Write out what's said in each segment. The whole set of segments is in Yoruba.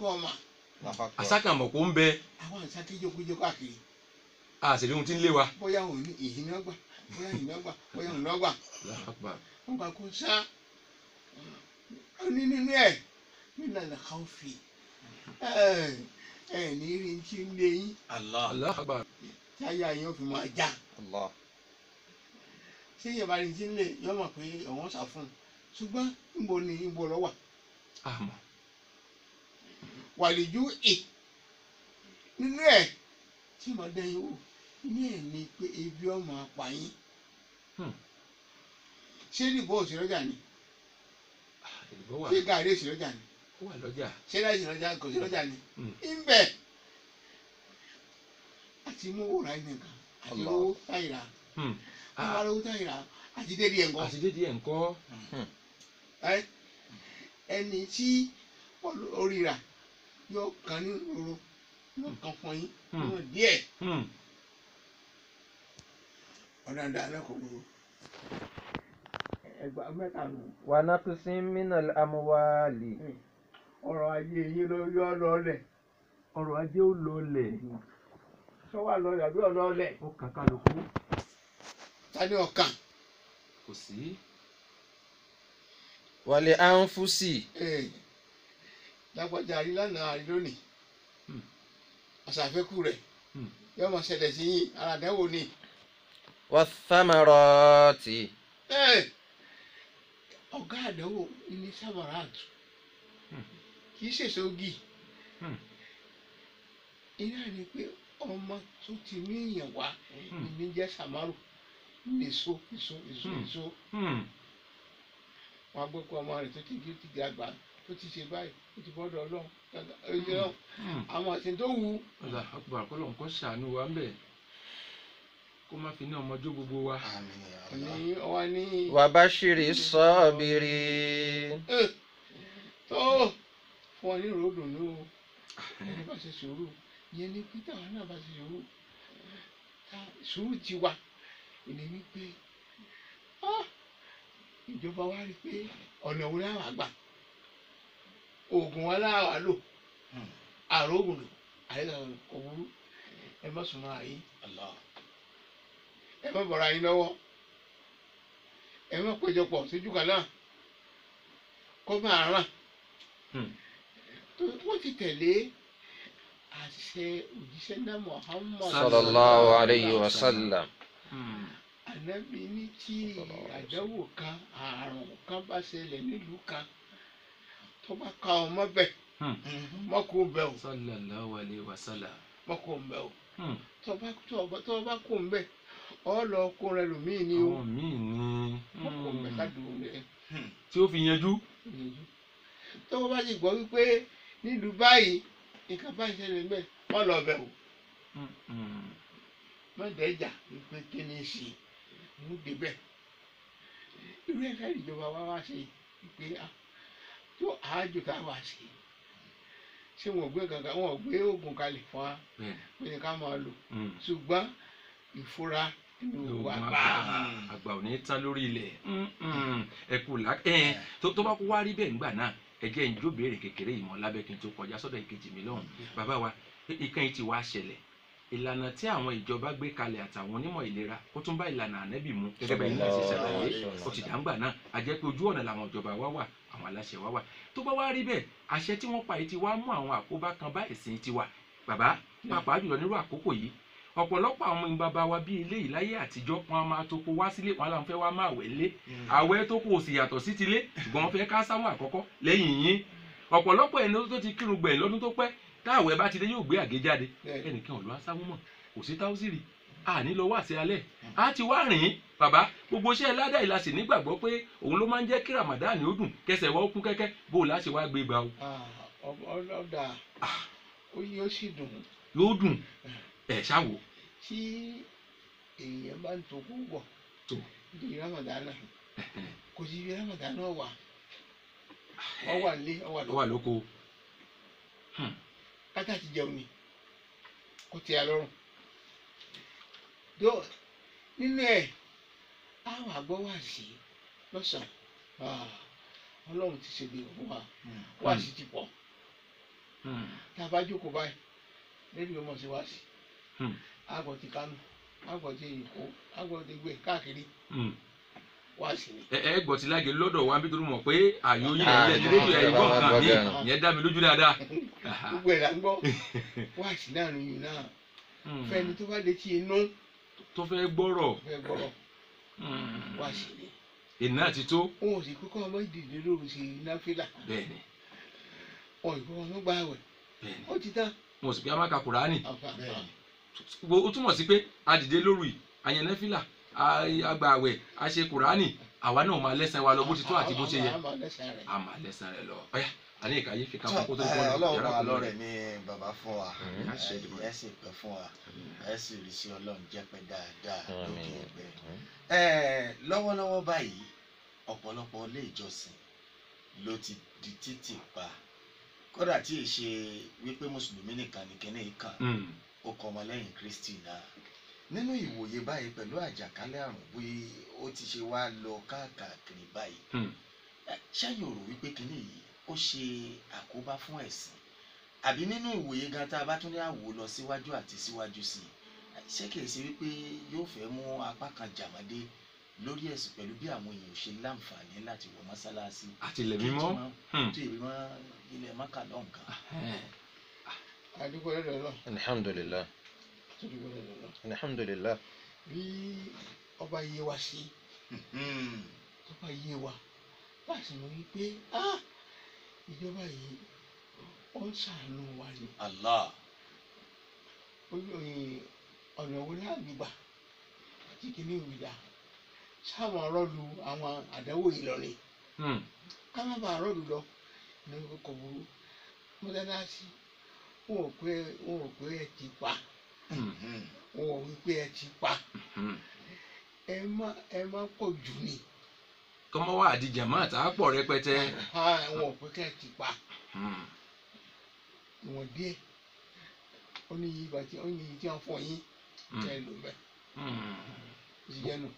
kọ́ ọmọ. àṣàkàn mọ̀ kó ń bẹ. àwọn àṣà kí jókòjókò àkiri. a sì ohun tí ń lé wa. bóyá òun ní èyí ni ọgbà bóyá èyí ni ọgbà bóyá òun lọ́gbà. wọ́n gbà kó sá ní nínú ẹ̀ nílànà kan ah, fi ẹ ní rí tí ń lé yín. táyà yín fi máa já. ṣé ìyẹ̀bá rí tí ń lé yọ́mọ̀ pé ọ̀wọ́n sà fún un ṣùgbọ́n níbo ni níbo lọ́wà. àmọ́ wàlíjú ì nínú ẹ̀ tí mo dẹ́ yín wò nínú ẹ̀ ni pé ebi ọmọ apá yín hmm. ṣé níbo òṣèrọ́jà ni ah, ṣé gàrí òṣèrọ́jà ni ṣé láì òṣèrọ́jà kò òṣèrọ́jà hmm. ni hmm. ńbẹ àti mú owó ra ẹni kan àti owó táyìrà àwọn arówó táyìrà ah. àti dédì ẹ̀ ńkọ́. àti dédì ẹ̀ ńkọ́. ẹni tí orí rà yóò kàn ní òru yóò kàn fún yín yóò hmm. díẹ̀ hmm. ọ̀dàdà lẹ́kọ̀ọ́ ẹgbà mẹ́ta nù. wà á nàkú sí mínà amúwálì. Hmm. ọrọ̀ ajé yín ló yọ lọ́lẹ̀. ọrọ̀ ajé ó lọ́lẹ̀. sọ́wọ́ lọ́lẹ̀ àbí ọlọ́lẹ̀. ó kàn ká ló kú. ta ni kò sí. wàlẹ̀ anfusi. Hey. lágbájá àrí lánàá àrí lónìí hmm. àṣàfẹ́kù rẹ̀ hmm. yóò ṣẹlẹ̀ sí ara ni. wọ́n sámọ̀rọ̀ tì. ọ̀gá àdánwò ní sámọ̀ráàtù hmm. kì í ṣèṣogì iná ni pé ọmọ tó ti ní èèyàn wá ìní jẹ́ sàmárò nìṣó nìṣó nìṣó nìṣó wọn gbọ́ pé ọmọ rẹ̀ tó ti gbé ó ti ṣe báyìí ó ti bọ́dọ̀ ọlọ́run ọlọ́run hmm. àwọn àti tó wù. ọ̀là àpò àkọlọ̀ nǹkan ṣàánú wa ń bẹ̀ kó má fi ní ọmọ gbogbo wa. ní ọwọ́ ní. wà bá ṣírí sọ́ọ̀bìrì. tó fún ọ ní ròdùn ní o ẹni bá ṣe sùúrù yẹn ni pété àwọn náà bá ṣe sùúrù sùúrù ti wà ìní wípé ah, ìjọba wa rí i pé ọ̀nà òwúrọ̀ àwọn àgbà oògùn wọn láwàá lò àrògùn lò àyíkàwọn kò burú ẹ má sùn máa yí ẹ má bọ̀rọ̀ ayé lọ́wọ́ ẹ má péjọpọ̀ síjú kan náà kó máa ràn hmm. wọ́n ti tẹ̀lé àṣẹ òjíṣẹ́ náà Muhammad sallallahu alayhi wa sallam hmm. ànábi ní tí àdánwò kan àrùn kan bá ṣẹlẹ̀ nílùú kan tó bá ka ọ mọ bẹ mọkò bẹ o. sallallahu alaihi wasallam. mọkò bẹ o. Hmm. tó bá tó bá kò ń bẹ ọ lọ kó rẹ lòmíì ni o. àwọn míì ni. mọkò bẹ hmm. ká dùn rẹ. Hmm. tí ó fi yanjú. tó bá ti gbọ́ wípé nílùú báyìí nǹkan báyìí ṣẹlẹ̀ bẹ́ẹ̀ wọ́n lọ bẹ̀ o. mọ̀dẹ́jà wípé kí ni ṣe irú ẹ̀ka ìjọba wa wá ṣe pé a. Ah, tó àájò tá a wá sí ṣé wọn ò gbé kankan wọn ò gbé oògùn kalẹ̀ fún wa pé ká máa lò hmm. ṣùgbọ́n ìfura àgbà ò ní tán lórí ilẹ̀ hmm, hmm. ẹ kú là ẹ tó bá kú wá rí bẹ́ẹ̀ ńgbà náà ẹ jẹ́ ń jó béèrè kékeré ìmọ̀ lábẹ́ kí n tó kọjá sọ́dọ̀ ìkejì mi lọ́hùn bàbá wa ìkan yìí ti wá ṣẹlẹ̀ ìlànà tí àwọn ìjọba gbé kalẹ̀ àtàwọn onímọ̀ ìlera ó tún bá ìlànà ànẹ́bì mu gẹ́gẹ́ bẹ́ẹ̀ ní àṣìṣe àlàyé ó ti dàgbà náà àjẹpé ojú ọ̀nà làwọn ìjọba wa wà àwọn aláṣẹ wa wà tó bá wá rí bẹ́ẹ̀ àṣẹ tí wọ́n pa yìí ti wá mú àwọn àkóbá kan bá ẹ̀sìn tiwa bàbá pàápàá jùlọ nírú àkókò yìí ọ̀pọ̀lọpọ̀ àwọn ọmọ bàbá wa bíi ilé ìláyé àtijọ́ wọn a máa toko wá sílé wọn làwọn fẹ́ wá máa wẹ̀ lé mm. àwẹ̀ tó kù ò sì yàtọ̀ sí tilé ṣùgbọ́n wọn fẹ́ ká sáwọn àkọ́kọ́ lẹ́yìn yín ọ̀pọ̀lọpọ̀ ẹni tó ti kírun gbẹ̀ lọ́dún tó pẹ́ táwẹ̀ bá ti dé yóò gbé àgé ẹnìkan ò lọ́ àsáwọn mọ̀ kò sí táwọ́sì rí a ní lọ wá sí alẹ́ a ti wá rìn bàbá gbogbo iṣẹ́ ládà yìí la sì nígbàgbọ́ pé òun ló máa ń jẹ́ kí Ramadan ó dùn kẹsẹ̀ wọ́n kú kẹ́kẹ́ bó o láṣẹ wá gbé ba o. Ah, ọ̀dà ah. yóò sì dùn. yóò dùn eh. ẹ̀ ṣáwo. tí èèyàn bá ń tó púpọ̀ nítorí Ramadan kò sí ibi Ramadan wà ọ ah. wà nílé ọ wà lóko. Hmm. kátà ti jẹun ni kò tẹ́ a lọ́rùn nínú ẹ̀ táwọn àgbọ̀ wà sí lọ́sàn-án ah, ọlọ́run ti ṣe gbèrò fún wa hmm. wà sí ti pọ̀ hmm. tá a bá jókòó báyìí lórí ọmọ sí wá sí àgọ̀ hmm. ti kánú àgọ̀ ti èkó àgọ̀ ti gbé káàkiri wá sí ni. ẹ ẹ gbọ́ ti láàgé lọ́dọ̀ wa nítorí mọ̀ pé àyò yín ẹ̀yẹ ti rédíò ẹ̀yìn kọ̀ọ̀kan mi ìyẹn dá mi lójú dáadáa. gbogbo ẹ̀ là ń gbọ́ wá sí náà nìyí náà fẹ́ni tó bá dé tí inú tó fẹ́ gbọ́rọ̀ hmm. wá sí ni. èyí náà ti tó. wọn ò sì kó kọ́ ọmọ ìdílé lóru sí náfìlà. bẹ́ẹ̀ni. wọn ìgbọ́ wọn ló gba àwẹ̀. bẹ́ẹ̀ni ó ti tán. wọn ò sì pé a máa ka kùránì. o túmọ̀ sí pé a dìde lóru yìí a yẹn náfìlà a gba àwẹ̀ a ṣe kùránì àwa náà máa lẹ́sẹ̀ wa lọ bó ti tó àti bó ṣe yẹ a máa lẹ́sẹ̀ rẹ̀ lọ alẹ́ ìka yìí fi ká kókó tó ń bọ̀ ọlọ́run máa lọ rẹ̀ ní bàbá fún wa ẹ sì pẹ́ fún wa ẹ sì rí sí ọlọ́run jẹ́ pẹ́ dáadáa lókè ẹgbẹ́ ẹ lọ́wọ́lọ́wọ́ báyìí ọ̀pọ̀lọpọ̀ ilé ìjọsìn ló ti di títì pa kódà tí ì ṣe wípé mùsùlùmí nìkan nìkẹ́ni kan hmm. ó kọ́ ọmọlẹ́yìn kristi náà nínú ìwòye báyìí pẹ̀lú àjàkálẹ̀ àrùn bí ó ti ṣe wá lọ káàkiri báyìí hmm. ṣáà yóò wípé kínní yìí ó ṣe àkóbá fún ẹ̀sìn àbí nínú ìwòye gan tá a bá tún ní àwò lọ síwájú àti síwájú sí i ṣé kìí ṣe wípé yóò fẹ́ mú apá kan jàmọ́dé lórí ẹ̀sìn pẹ̀lú bí àwọn èèyàn ṣe láǹfààní láti wọ mọ́sálásí àtìlẹ̀ mímọ́ tó ìwé mọ́ ilẹ̀ mọ́kà lọ́hùn kan. àdúgbò rẹ̀ lọ. alhamdulilayi. bí ọba yé wa sí. Hmm. ọba yé wa láti mọ̀ wípé ah ìjọba yìí ó ṣàánú wa ni. Allah. ọ̀nà wo láàbí gbà tí kìíní ìwé dá sáwọn arọ́lu àwọn àdánwò yìí lọ ni. Hmm. ká má bàa arọ́lu lọ ní kò burú mọ́tàdáṣí wọn ò pé wọn ò pé ẹ ti pa wọn hmm. ò wí pé ẹ ti pa hmm. ẹ má ẹ má pọ̀ jù ni kọ́mọ́ wà di jẹ̀mọ́ àtà pọ̀ rẹpẹtẹ. àwọn òpótẹ́ ti pa hmm. ìwọ̀n díẹ̀ ó ní iye ìbàjẹ́ ó ní iye tí wọ́n fọ yín hmm. kẹ́ ẹ bẹ́ẹ̀ hmm.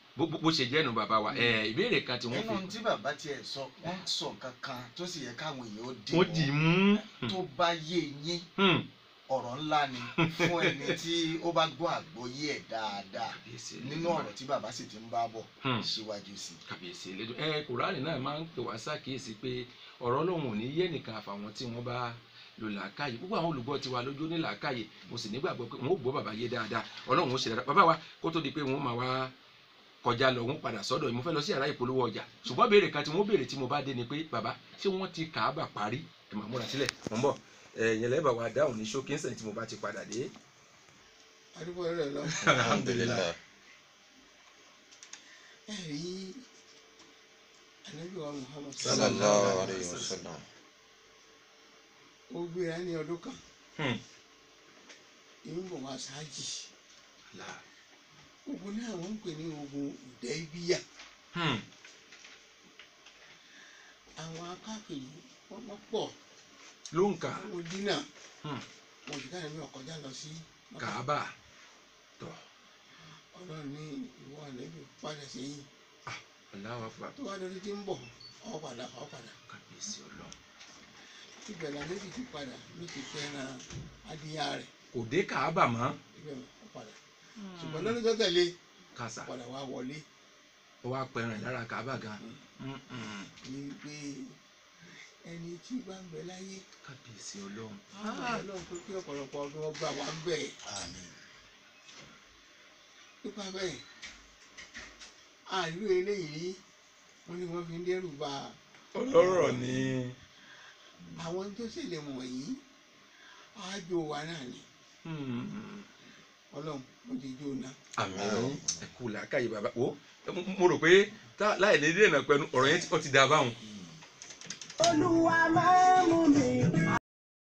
bó ṣe jẹ́nu bàbá wa ìbéèrè kan tí wọ́n fi. nínú tí bàbá tiẹ̀ sọ wọ́n sọ kankan tó sì yẹ káwọn èèyàn ó dì mú tó bá yé yín ọ̀rọ̀ ńlá ni fún ẹni tí ó bá gbọ́ àgbọ́yé ẹ̀ dáadáa nínú ọ̀rọ̀ tí bàbá sì ti ń bá bọ̀ hmm. síwájú sí. kàbíyèsí elédùn ẹ kùránì náà máa ń pè wá ṣàkíyèsí pé ọ̀rọ̀ ọlọ́run ò ní yé nìkan àfàwọn tí wọ́n bá lò làákàyè púpọ̀ àwọn olùgbọ́ tiwa lójú ní làákàyè mo sì nígbàgbọ́ pé wọn ò gbọ́ bàbá yé dáadáa ọlọ́run ó ṣe dáadáa bàbá wa kó tó di pé wọn máa wá kọjá lọ wọn padà sọ́dọ̀ mo fẹ́ lọ sí yàrá ìpolówó ọjà ṣùgbọ́n béèrè kan tí wọn béèrè tí mo bá dé ni pé bàbá ṣé wọn ti kàábà parí ẹ máa múra sílẹ̀ mò bọ̀ ẹ̀yin lẹ́bà wa dáhùn ní ṣókí ẹ̀sẹ̀ tí mo bá ti padà dé. adúgbò rẹ̀ lọ. alhamdulilayi. ẹ rí anabi wa muhammad sallallahu alayhi wa sallam ó gbéra ní ọdún kan ìmúbọ̀ hmm. wa ṣáájì ogun náà wọ́n ń pè ní ogun ìdẹ́bíyà hmm. àwọn akápẹ̀lú wọ́n pọ̀ ló ń kà. Mọdínà hmm. oṣù káyọ̀ mi ọ̀kọ́jà lọ sí. Kàábà tọ̀. Ọlọ́run ní ìwọ àlejò padà sẹ́yìn. Ah, Aláwa fà. Tó wá lórí tí ń bọ̀ ọ̀ padà ọ̀ padà. Kàbíyèsí ọlọ́run. Ibẹ̀ làlẹ́ ti ti padà ló ti fẹ́ràn adìyá rẹ̀. Kò dé Kàábà mọ́. Ibẹ̀ ọ̀ padà. Hmm. Ṣùgbọ́n lọ́dún tó tẹ̀lé. Kàṣà. Padà wá wọlé. Ó wá pẹran ìlara Kàábà gan. Hmm. Ní pé ẹni tí bá ń bẹ láyé. kábíyèsí ọlọ́run. ọlọ́run pé kí ọ̀pọ̀lọpọ̀ ọdún ọgbà wà ń bẹ̀. àmín. nípa bẹ́ẹ̀ àìlú eléyìí wọ́n ní wọ́n fi ń dẹ́rù bà ọlọ́rọ̀ ni. àwọn tó ṣẹlẹ̀ wọ̀nyí àjò wa náà ni. Hmm. ọlọ́run mo ti jó na. àmín ẹ kú làákàyè bàbá wo mo rò pé láì lè dènà pẹ̀lú ọ̀rọ̀ yẹn ti dà báwọn olúwa máa mú mi.